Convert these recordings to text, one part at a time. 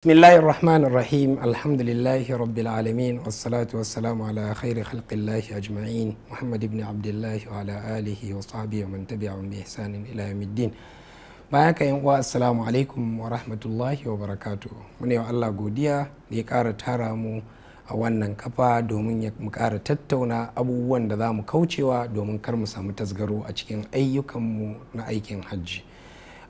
بسم الله الرحمن الرحيم الحمد لله رب العالمين والصلاة والسلام على a خلق الله أجمعين محمد بن عبد الله وعلى آله وصحبه ومن تبعهم بإحسان إلى يوم الدين uwa assalamu alaikum wa rahmatullahi wa barakatu muna yau Allah godiya da kara ƙara tara mu a wannan kafa domin ya mu ƙara tattauna abubuwan da za mu kaucewa domin kar mu samu tasgaro a cikin ayyukanmu na aikin hajji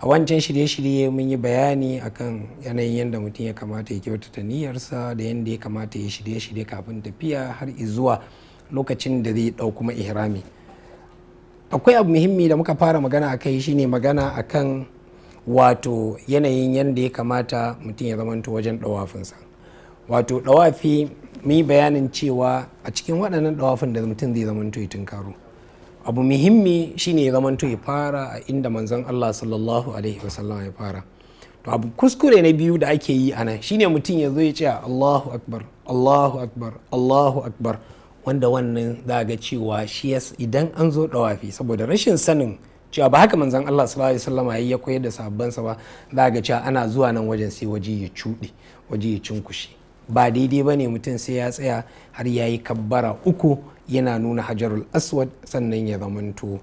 a wancan shirye-shirye mun yi bayani akan yanayin yadda mutum ya kamata ya kyautata niyyarsa da yadda ya kamata ya shirye-shirye kafin tafiya har zuwa lokacin da zai ɗau kuma ihrami akwai abu muhimmi da muka fara magana a kai shine magana akan wato yanayin yadda ya kamata mutum ya zamanto wajen ɗawafinsa wato ɗawafi mun yi bayanin cewa a cikin waɗannan ɗawafin da mutum zai zamanto ya tunkaro abu muhimmi shine ya zamanto ya fara a inda manzon Allah sallallahu alaihi wasallam ya fara to abu kuskure na biyu da ake yi anan shine mutum ya zo ya ce Allahu akbar Allahu akbar Allahu akbar wanda wannan za ga cewa shi idan an zo dawafi saboda rashin sanin cewa ba haka manzon Allah sallallahu alaihi wasallam ya koyar da sa ba za ga cewa ana zuwa nan wajen sai waje ya cuɗe waje ya cunkushe ba daidai ba ne mutum sai ya tsaya har ya yi kabbara uku yana nuna hajarul aswad sannan ya zamanto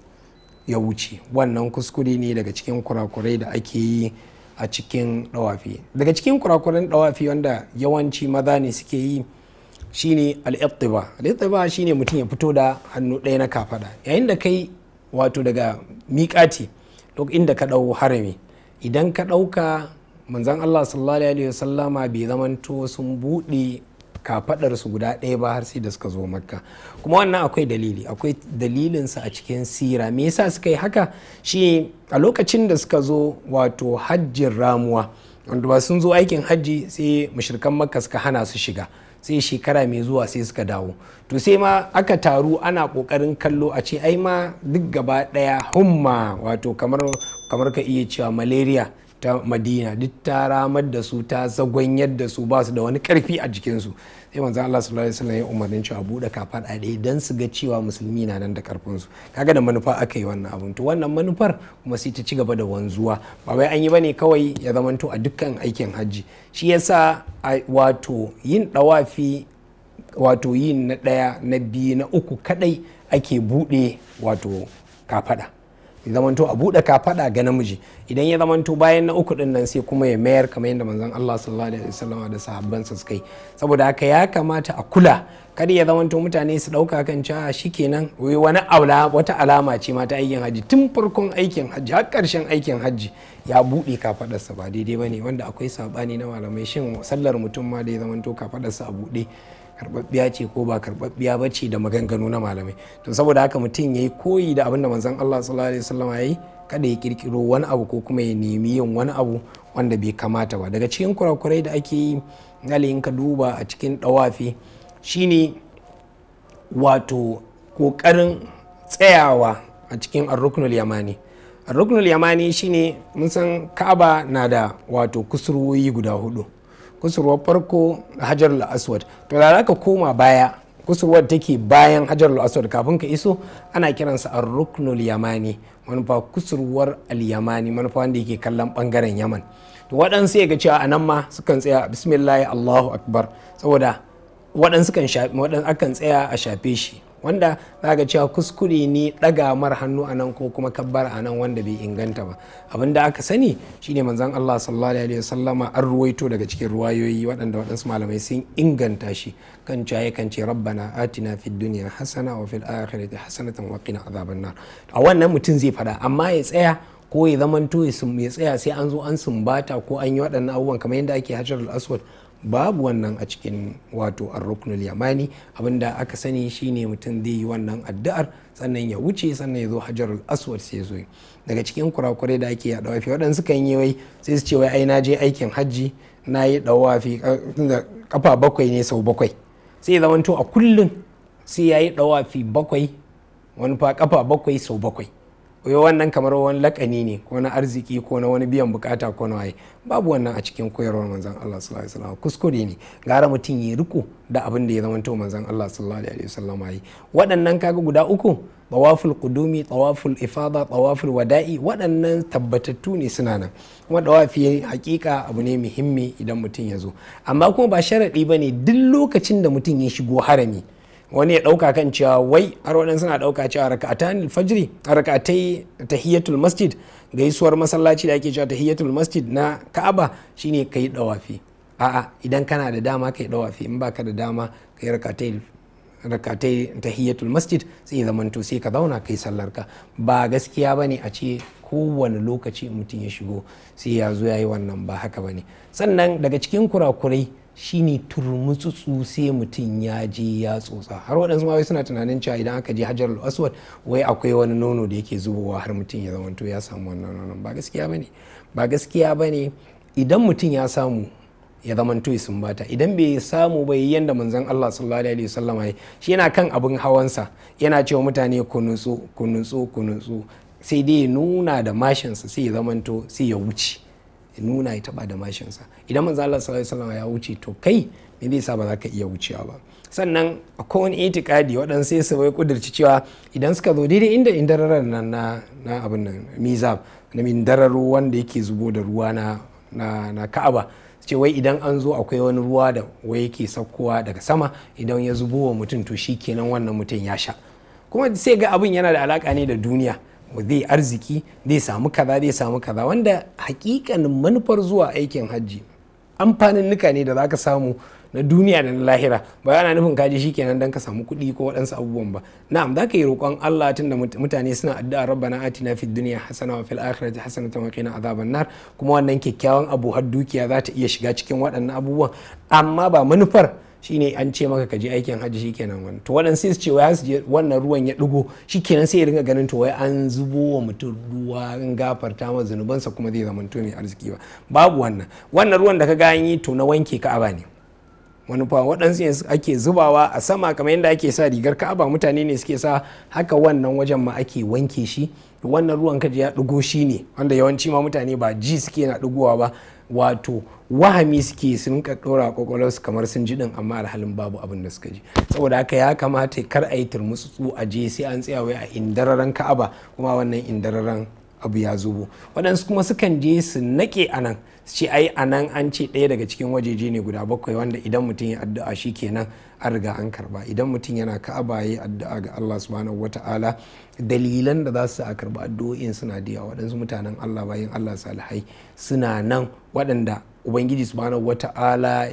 ya wuce wannan kuskure ne daga cikin kurakurai da ake yi a cikin dawafi daga cikin kurakuran dawafi wanda yawanci maza ne suke yi shine al'ittiba al'ittiba shine mutum ya fito da hannu ɗaya na kafada yayin da kai wato daga miƙati inda ka ɗau harami idan ka ɗauka manzan allah sallallahu alaihi wasallama bai zamanto sun buɗe kafadar guda ɗaya ba har sai da suka zo makka kuma wannan akwai dalili akwai dalilinsa a cikin sira me yasa suka yi haka shi a lokacin da suka zo wato hajjin ramuwa wanda ba sun zo aikin hajji sai mashirkan makka suka hana su shiga sai shekara mai zuwa sai suka dawo to sai ma aka taru ana kokarin kallo a ce ai ma duk gaba daya humma wato kamar kamar ka iya cewa malaria ta madina duk ta ramar da su ta zagon yadda su ba su da wani karfi a jikinsu sai manzan allah sallallahu alaihi wasallam ya umarnin cewa buɗe kafa ɗaya don su ga cewa musulmi na nan da karfinsu kaga da manufa aka yi wannan abun to wannan manufar kuma sai ta ci gaba da wanzuwa ba wai an yi ba ne kawai ya zamanto a dukkan aikin hajji shi yasa wato yin ɗawafi wato yin na ɗaya na biyu na uku kadai ake buɗe wato kafaɗa zamanto a buɗe kafaɗa ga namiji idan ya zamanto bayan na uku ɗin nan sai kuma ya mayar kamar yadda manzon Allah sallallahu alaihi wasallam da sahabbansa suka yi saboda haka ya kamata a kula kada ya zamanto mutane su ɗauka kan cewa shikenan wani aula wata alama ce ma ta aikin hajji tun farkon aikin hajji har karshen aikin hajji ya buɗe kafaɗarsa ba daidai bane wanda akwai saɓani na malamai shin sallar mutum ma da ya zamanto kafaɗarsa a buɗe karɓaɓɓiya ce ko ba karɓaɓɓiya ba ce da maganganu na malamai to saboda haka mutum ya yi koyi da abin da manzon Allah sallallahu alaihi wasallam ya yi kada ya kirkiro wani abu ko kuma ya nemi yin wani abu wanda bai kamata ba daga cikin kurakurai da ake yi in ka duba a cikin ɗawafi shine wato kokarin tsayawa a cikin arruknul yamani arruknul yamani shine mun san ka'aba na da wato kusurwoyi guda hudu kusurwar farko hajar aswad to da za ka koma baya kusurwar take bayan hajar aswad kafin ka iso ana kiransa a ruknul yamani manufa kusurwar al-yamani manufa wanda yake kallon bangaren yaman to waɗansu ya ga cewa a nan ma sukan tsaya bismillah allahu akbar saboda waɗansu kan akan tsaya a shafe shi wanda za ka cewa kuskure ne ɗaga mar hannu a nan ko kuma kabbar a nan wanda bai inganta ba abin da aka sani shine manzon Allah sallallahu alaihi wasallama an ruwaito daga cikin ruwayoyi waɗanda waɗansu malamai sun inganta shi kan cewa kan ce rabbana atina fid dunya hasana wa fil akhirati hasanatan wa qina azaban nar a wannan mutum zai fada amma ya tsaya ko ya zamanto ya tsaya sai an zo an sumbata ko an yi waɗannan abubuwan kamar yadda ake hajar al-aswad babu wannan a cikin wato arruknul yamani abinda aka sani shine mutum zai yi wannan addu'ar sannan ya wuce sannan ya zo hajar aswad sai zo daga cikin kurakurai da ake yaɗa wafi waɗansu kan yi wai sai su ce wai ai na je aikin hajji na yi ɗawafi kafa bakwai ne sau bakwai sai zamanto a kullum sai ya yi ɗawafi bakwai wani fa kafa bakwai sau bakwai wannan kamar wani lakani ne ko na arziki ko na wani biyan bukata ko na waye babu wannan a cikin koyarwar manzon Allah sallallahu alaihi wasallam kuskure ne gara mutum ya riko da abin da ya zama to manzon Allah sallallahu alaihi wasallam yi waɗannan kaga guda uku tawaful qudumi tawaful ifada tawaful wada'i waɗannan tabbatattu ne suna nan kuma tawafi hakika abu ne muhimmi idan mutum ya zo amma kuma ba sharadi bane duk lokacin da mutum ya shigo harami wani ya ɗauka kan cewa wai har waɗansu suna ɗauka cewa raka'atan fajri rakatai tahiyatul masjid gaisuwar masallaci da ake cewa tahiyatul masjid na Ka'aba shine kai dawafi a'a idan kana da dama kai dawafi in baka da dama kai rakatai rakatai tahiyatul masjid sai zamanto sai ka zauna kai sallarka ba gaskiya bane a ce kowane lokaci mutum ya shigo sai ya zo ya yi wannan ba haka bane sannan daga cikin kurakurai shine turmutsutsu sai mutum ya je ya tsotsa har waɗansu ma suna tunanin cewa idan aka je hajar aswad wai akwai wani nono da yake zubowa har mutum ya zamanto ya samu wannan nono ba gaskiya bane ba gaskiya ne idan mutum ya samu ya zamanto ya sumbata idan bai samu bai yanda manzon Allah sallallahu alaihi wasallam ya shi yana kan abin hawansa yana cewa mutane ku nutsu ku nutsu ku nutsu sai dai nuna da mashinsa sai ya zamanto sai ya wuce nuna ya taba da mashinsa idan manzo Allah sallallahu alaihi ya wuce to kai me zai sa ba za ka iya wucewa ba sannan a kowane itikadi waɗansu sai su bai kudirci cewa idan suka zo daidai inda indararar nan na na abin nan mizab na dararo wanda yake zubo da ruwa na na Ka'aba ce wai idan an zo akwai wani ruwa da wai yake saukowa daga sama idan ya zubo wa mutum to shi kenan wannan mutum ya sha kuma sai ga abin yana da alaka ne da duniya zai arziki zai samu kaza zai samu kaza wanda hakikanin manufar zuwa aikin hajji amfanin nuka ne da za ka samu na duniya da na lahira ba ana nufin kaji shi kenan don ka samu kuɗi ko waɗansu abubuwan ba na'am za ka yi roƙon Allah tunda mutane suna addu'a rabbana atina fid duniya hasana wa fil akhirati hasana wa qina azaban nar kuma wannan kyakkyawan abu har dukiya za ta iya shiga cikin waɗannan abubuwan amma ba manufar shine an ce maka ka je aikin hajji shikenan wannan to wannan sai ce wai su je wannan ruwan ya shi kenan sai ya dinga ganin to wai an zubo wa mutum ruwa in gafarta ma zunubansa kuma zai zama mai arziki ba babu wannan wannan ruwan da ka ga yin to na wanke ka'aba ne wani fa waɗansu yanzu ake zubawa a sama kamar yadda ake sa rigar ka'aba mutane ne suke sa haka wannan wajen ma ake wanke shi wannan ruwan kaje ya dugo shi ne wanda yawanci ma mutane ba ji suke na dugowa ba wato wahami suke sun ka dora kwakwalwarsu kamar sun ji din amma alhalin babu abin da suka ji saboda haka ya kamata kar a yi turmutsu a je sai an tsaya wai a indararen ka'aba kuma wannan indararen abu ya zubo waɗansu kuma sukan je su naƙe a nan su ce ai a nan an ce ɗaya daga cikin wajeje ne guda bakwai wanda idan mutum ya addu'a shi kenan an riga an karba idan mutum yana ka'aba ya addu'a ga Allah subhanahu wata'ala dalilan da za su a karba addu'o'in suna da yawa waɗansu mutanen Allah bayan Allah salihai suna nan waɗanda ubangiji subhanahu wata'ala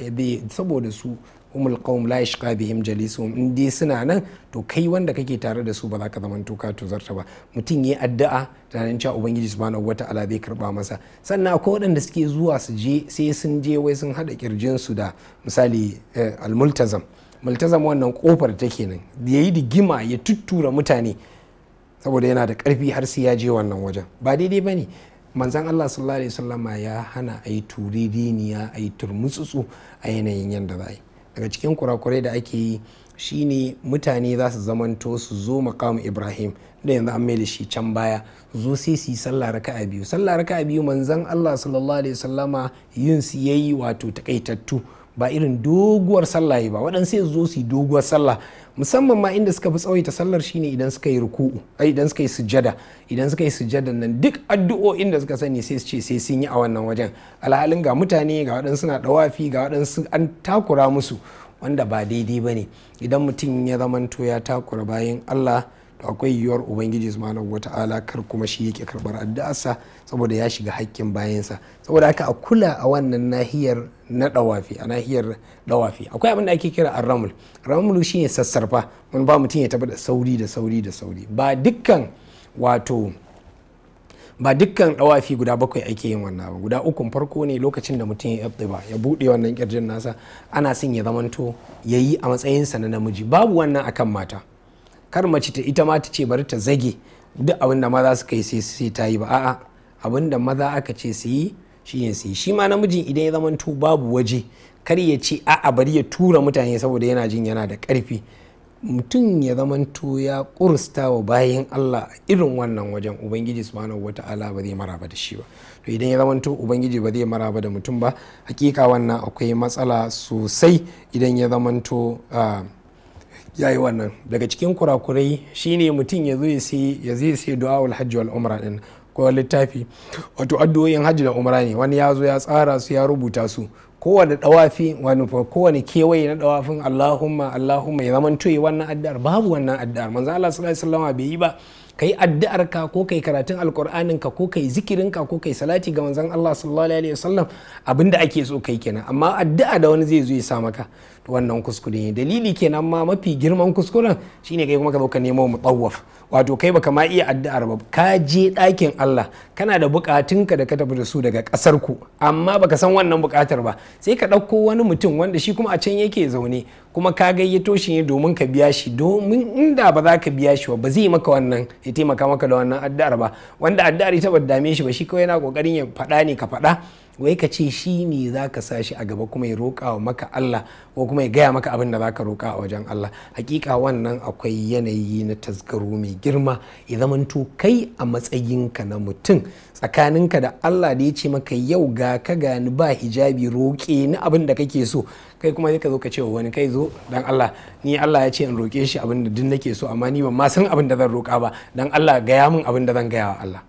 saboda su umul qaum la bihim jalisuhum in dai suna nan to kai wanda kake tare da su ba za ka zama ka zarta ba mutum yi addu'a tunanin cewa ubangiji wata ala bai karba masa sannan akwai waɗanda suke zuwa su je sai sun je wai sun hada kirjin su da misali eh, almultazam multazam wannan kofar ta kenan yayi digima ya tuttura mutane saboda yana da karfi har sai ya je wannan wajen ba daidai bane manzan Allah sallallahu alaihi wasallama ya hana a yi turidiniya a yi turmutsutsu a yanayin yadda za a yi daga cikin kurakurai da ake yi shine mutane za su zamanto su zo makamu ibrahim da yanzu an mai da shi can baya zo sai su yi sallah a biyu sallah raka a biyu manzon allah sallallahu alaihi wasallama yin su yayi wato takaitattu ba irin doguwar sallah ba waɗansu ya zo su yi doguwar sallah musamman ma inda suka fi tsawaita sallar shine idan suka yi ruku'u idan suka yi sujada idan suka yi sujada nan duk addu'o'in da suka sani sai su ce sai sun yi a wannan wajen alhalin ga mutane ga waɗansu na ɗawafi ga waɗansu an takura musu wanda ba daidai ba ne idan mutum ya zamanto ya takura bayan allah to akwai yiwuwar ubangiji su subhanahu wata'ala kar kuma shi yake karbar addu'arsa saboda ya shiga haƙƙin bayansa saboda haka a kula a wannan nahiyar na dawafi a nahiyar dawafi akwai abin da ake kira arramul shi shine sassarfa wani ba mutum ya tabbata sauri da sauri da sauri ba dukkan wato ba dukkan dawafi guda bakwai ake yin wannan ba guda ukun farko ne lokacin da mutum ya ba ya bude wannan kirjin nasa ana son ya zamanto yayi a matsayinsa na namiji babu wannan akan mata kar mace ta ita ma ta ce bari ta zage duk abin da maza suka yi sai ta yi ba a'a abin da maza aka ce su yi shi ne su yi shi ma namijin idan ya zama to babu waje kar ya ce a'a bari ya tura mutane saboda yana jin yana da karfi mutum ya zamanto ya kursta wa bayan Allah irin wannan wajen Ubangiji subhanahu wata'ala ba zai maraba da shi ba to idan ya zamanto Ubangiji ba zai maraba da mutum ba hakika wannan akwai matsala sosai idan ya zamanto ah, ya yi wannan daga cikin kurakurai shine mutum ya zo ya zai sai du'a'ul hajji wal umra din ko littafi wato addu'o'in hajji da umra ne wani ya zo ya tsara su ya rubuta su kowane dawafi wani kowane kewaye na dawafin Allahumma Allahumma ya zaman toye wannan addu'ar babu wannan addu'ar manzo Allah sallallahu alaihi wasallam bai yi ba kai addu'ar ka ko kai karatun alkur'anin ka ko kai zikirin ka ko kai salati ga manzon Allah sallallahu alaihi wasallam abinda ake so kai kenan amma addu'a da wani zai zo ya sa maka wannan kuskure ne dalili kenan ma mafi girman kuskuren shine kai kuma ka zo ka nemo mutawaf wato kai baka ma iya addu'ar ba ka je ɗakin Allah kana da bukatunka da ka tafi da su daga ƙasar ku amma baka san wannan bukatar ba sai ka ɗauko wani mutum wanda shi kuma a can yake zaune kuma ka gayyato shi ne domin ka biya shi domin inda ba za ka biya shi ba zai maka wannan ya taimaka maka da wannan addu'ar ba wanda addu'ar ita ba dame shi ba shi kawai yana kokarin ya faɗa ne ka faɗa wai ka ce shi ne za ka sa shi a gaba kuma ya roƙa wa maka Allah ko kuma ya gaya maka abin da za ka roƙa a wajen Allah hakika wannan akwai yanayi na tasgaro mai girma ya to kai a matsayinka na mutum tsakaninka da Allah da ya ce maka yau ga ka gani ba hijabi roƙe ni abin da kake so kai kuma sai ka zo ka ce wa wani kai zo dan Allah ni Allah ya ce in roƙe shi abin da duk nake so amma ni ban ma san abin da zan roƙa ba dan Allah gaya min abin da zan gaya wa Allah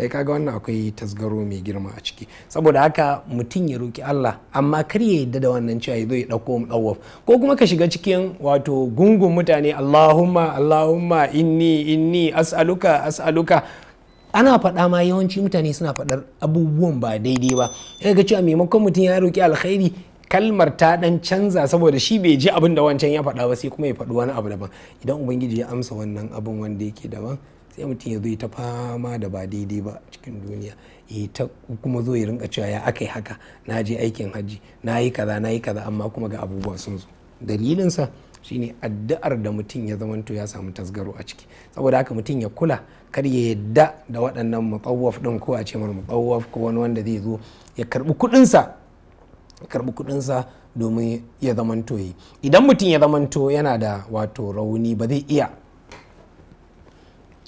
ai kaga wannan akwai tasgaro mai girma a ciki saboda haka mutum ya roki Allah amma kar ya yadda da wannan cewa ya zo ya dauko mu dawwaf ko kuma ka shiga cikin wato gungun mutane Allahumma Allahumma inni inni as'aluka as'aluka ana faɗa ma yawanci mutane suna faɗar abubuwan ba daidai ba ga cewa maimakon mutum ya roki alkhairi kalmar ta dan canza saboda shi bai ji abin da wancan ya faɗa ba sai kuma ya faɗi wani abu daban idan ubangiji ya amsa wannan abin wanda yake daban sai mutum ya zo ta fama da ba daidai ba cikin duniya ita kuma zo ya rinka cewa ya aka yi haka na je aikin hajji na yi kaza na yi kaza amma kuma ga abubuwa sun zo dalilinsa shine addu'ar da mutum ya zamanto ya samu tasgaro a ciki saboda haka mutum ya kula kar ya yadda da waɗannan mutsawaf ɗin ko a ce mar mutsawaf ko wani wanda zai zo ya karɓi kuɗinsa ya domin ya zamanto yi idan mutum ya zamanto yana da wato rauni ba zai iya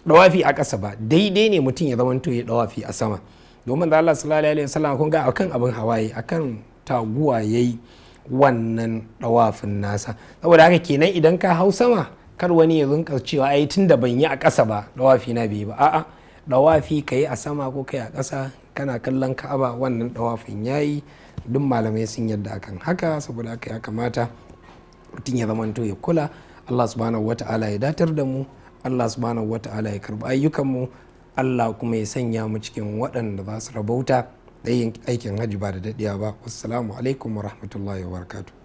dawafi a ƙasa ba daidai ne mutum ya zamanto ya dawafi a sama domin da Allah sallallahu alaihi wasallam kun ga akan abin hawaye akan taguwa yayi wannan dawafin nasa saboda haka kenan idan ka hau sama kar wani ya zunka cewa ai tun da ban yi a ƙasa ba dawafi na bai ba a'a dawafi ka a sama ko kai a ƙasa kana kallon ka'aba wannan dawafin yayi duk malamai sun yadda akan haka saboda haka ya kamata mutum ya zamanto ya kula Allah subhanahu wata'ala ya datar da mu allah subhanahu wa ta'ala ya karbi ayyukanmu allah kuma ya sanya mu cikin waɗanda za su rabauta da yin aikin hajji ba da daɗiya ba wassalamu alaikum wa rahmatullahi wa barakatuh